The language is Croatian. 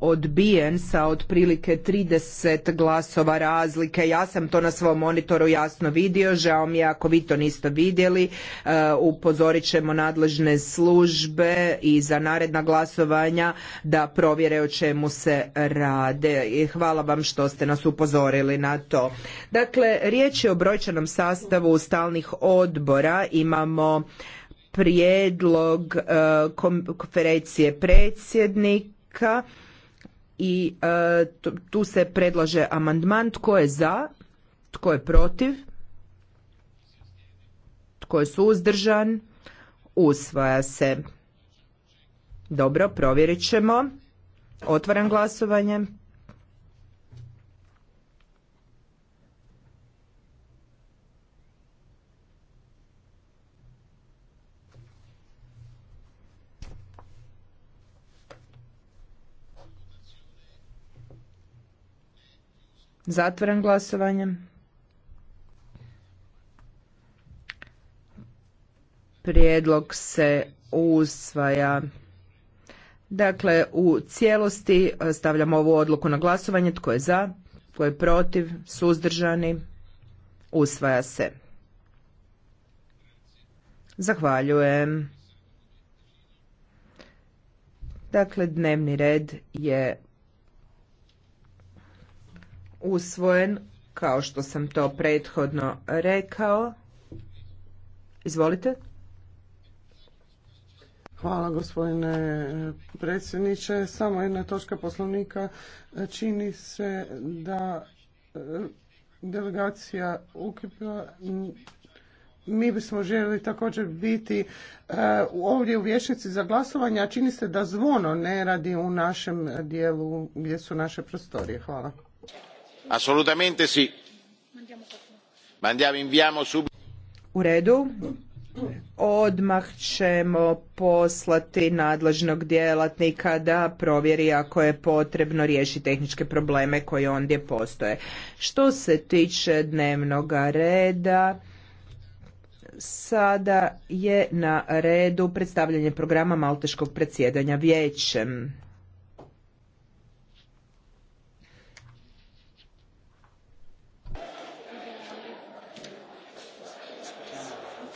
odbijen sa otprilike 30 glasova razlike. Ja sam to na svom monitoru jasno vidio, žao mi je ako vi to niste vidjeli. E, upozorit ćemo nadležne službe i za naredna glasovanja da provjere o čemu se rade. I hvala vam što ste nas upozorili na to. Dakle, riječ je o brojčanom sastavu stalnih odbora. Imamo prijedlog e, konferencije predsjednik ka i e, tu se predlaže amandman tko je za, tko je protiv, tko je suzdržan, usvaja se. Dobro, provjerit ćemo. Otvaram glasovanje. Zatvoren glasovanje. Prijedlog se usvaja. Dakle, u cijelosti e, stavljamo ovu odluku na glasovanje. Tko je za? Tko je protiv? Suzdržani? Usvaja se. Zahvaljujem. Dakle, dnevni red je usvojen, kao što sam to prethodno rekao. Izvolite. Hvala gospodine eh, predsjedniče. Samo jedna točka poslovnika. Eh, čini se da eh, delegacija ukipila. mi bismo željeli također biti ovdje u vješnici za glasovanje, a čini se da zvono ne radi u našem dijelu gdje su naše prostorije. Hvala assolutamente sì Mandiamo, inviamo subito. U redu. Odmah ćemo poslati nadležnog djelatnika da provjeri ako je potrebno riješiti tehničke probleme koje ondje postoje. Što se tiče dnevnog reda, sada je na redu predstavljanje programa Malteškog predsjedanja vijećem.